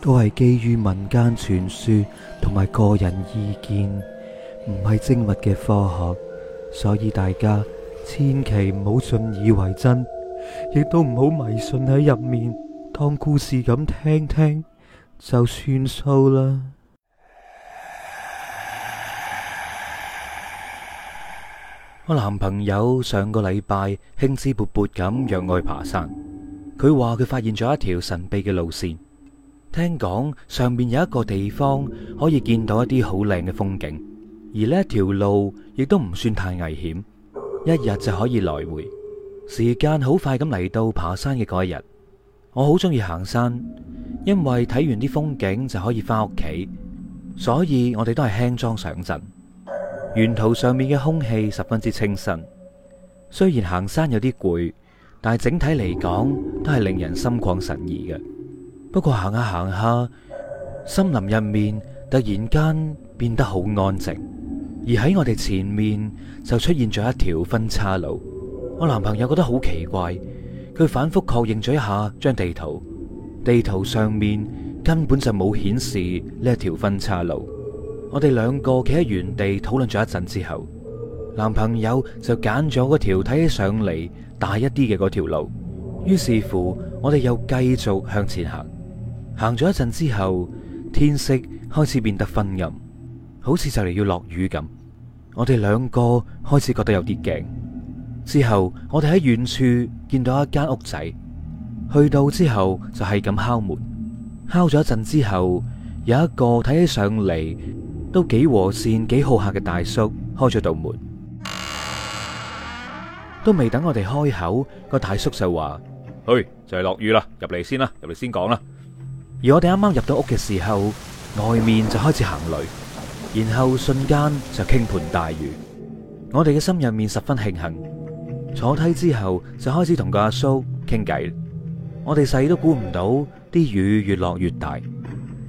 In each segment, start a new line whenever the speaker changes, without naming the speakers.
都係基於民間傳說同埋個人意見，唔係精密嘅科學，所以大家千祈唔好信以為真，亦都唔好迷信喺入面當故事咁聽聽，就算數啦。我男朋友上個禮拜興致勃勃咁約我去爬山，佢話佢發現咗一條神秘嘅路線。聽講上面有一個地方可以見到一啲好靚嘅風景，而呢條路亦都唔算太危險，一日就可以來回。時間好快咁嚟到爬山嘅嗰一日，我好鍾意行山，因為睇完啲風景就可以翻屋企，所以我哋都係輕裝上陣。沿途上面嘅空氣十分之清新，雖然行山有啲攰，但係整體嚟講都係令人心曠神怡嘅。不過行下行下，森林入面突然間變得好安靜，而喺我哋前面就出現咗一條分岔路。我男朋友覺得好奇怪，佢反覆確認咗一下張地圖，地圖上面根本就冇顯示呢條分岔路。我哋兩個企喺原地討論咗一陣之後，男朋友就揀咗嗰條睇起上嚟大一啲嘅嗰條路，於是乎我哋又繼續向前行。行咗一陣之後，天色開始變得昏暗，好似就嚟要落雨咁。我哋兩個開始覺得有啲驚。之後我哋喺遠處見到一間屋仔，去到之後就係咁敲門。敲咗一陣之後，有一個睇起上嚟都幾和善、幾好客嘅大叔開咗道門。都未等我哋開口，個大叔就話：去，就嚟落雨啦，入嚟先啦，入嚟先講啦。而我哋啱啱入到屋嘅時候，外面就開始行雷，然後瞬間就傾盆大雨。我哋嘅心入面十分慶幸，坐低之後就開始同個阿叔傾偈。我哋細都估唔到啲雨越落越大。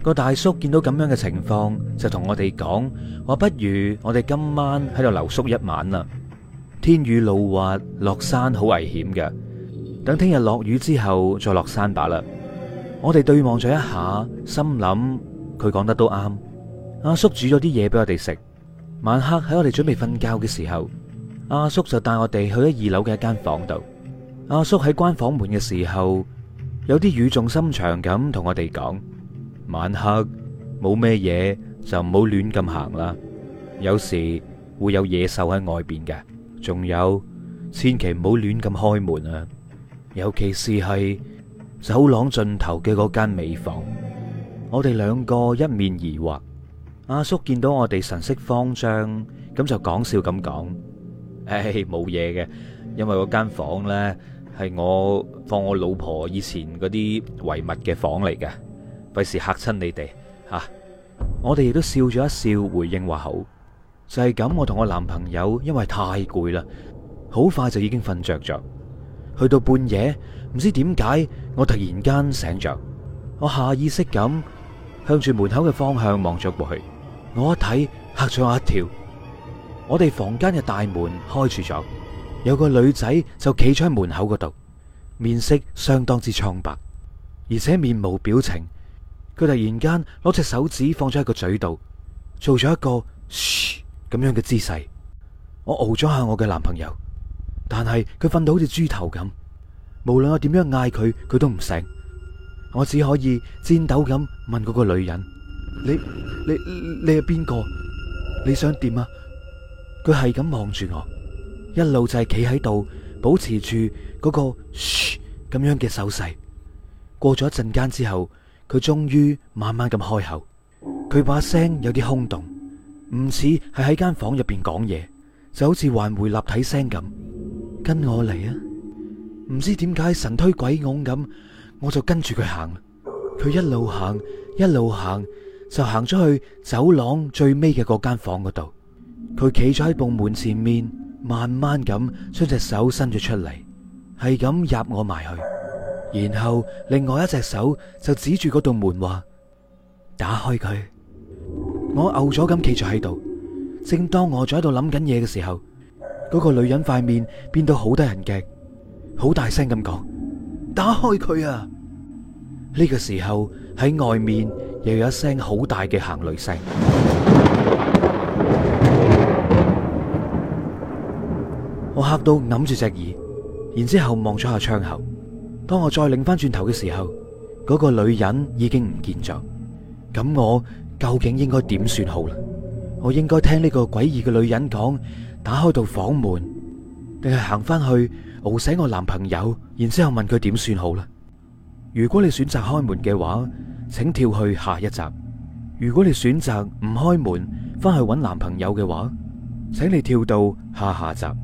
個大叔見到咁樣嘅情況就，就同我哋講話：不如我哋今晚喺度留宿一晚啦。天雨路滑，落山好危險嘅，等聽日落雨之後再落山罷啦。我哋對望咗一下，心諗佢講得都啱。阿叔煮咗啲嘢俾我哋食。晚黑喺我哋準備瞓覺嘅時候，阿叔就帶我哋去咗二樓嘅一間房度。阿叔喺關房門嘅時候，有啲語重心長咁同我哋講：晚黑冇咩嘢就唔好亂咁行啦，有時會有野獸喺外邊嘅，仲有千祈唔好亂咁開門啊，尤其是係，走廊盡頭嘅嗰間尾房。我哋兩個一面疑惑，阿叔見到我哋神色慌張，咁就講笑咁講：唉，冇嘢嘅，因為嗰間房呢係我放我老婆以前嗰啲遺物嘅房嚟嘅，費事嚇親你哋吓、啊。我哋亦都笑咗一笑，回應話好。就係、是、咁，我同我男朋友因為太攰啦，好快就已經瞓着咗。去到半夜，唔知點解，我突然間醒着。我下意識咁向住門口嘅方向望咗過去，我一睇，吓咗我一跳，我哋房間嘅大門開住咗，有個女仔就企咗喺門口嗰度，面色相當之蒼白，而且面無表情。佢突然間攞隻手指放咗喺個嘴度，做咗一個噓咁樣嘅姿勢。我搖咗下我嘅男朋友。但係佢瞓到好似豬頭咁，無論我點樣嗌佢，佢都唔醒。我只可以顫抖咁問嗰個女人：你、你、你係邊個？你想點啊？佢係咁望住我，一路就係企喺度，保持住嗰個噓咁樣嘅手勢。過咗一陣間之後，佢終於慢慢咁開口，佢把聲有啲空洞，唔似係喺間房入邊講嘢，就好似還回立體聲咁。跟我嚟啊！唔知點解神推鬼拱咁，我就跟住佢行。佢一路行，一路行，就行咗去走廊最尾嘅嗰間房嗰度。佢企咗喺部門前面，慢慢咁將隻手伸咗出嚟，係咁入我埋去。然後另外一隻手就指住嗰道門話：打開佢。我吽咗咁企咗喺度。正當我仲喺度諗緊嘢嘅時候。嗰個女人塊面變到好得人驚，好大聲咁講：打開佢啊！呢個時候喺外面又有一聲好大嘅行雷聲。 我吓到，揞住隻耳，然之後望咗下窗口。當我再擰翻轉頭嘅時候，嗰個女人已經唔見咗。咁我究竟應該點算好啦？我應該聽呢個詭異嘅女人講，打開到房門，定係行翻去喚醒我男朋友，然之後問佢點算好咧？如果你選擇開門嘅話，請跳去下一集；如果你選擇唔開門，翻去揾男朋友嘅話，請你跳到下下集。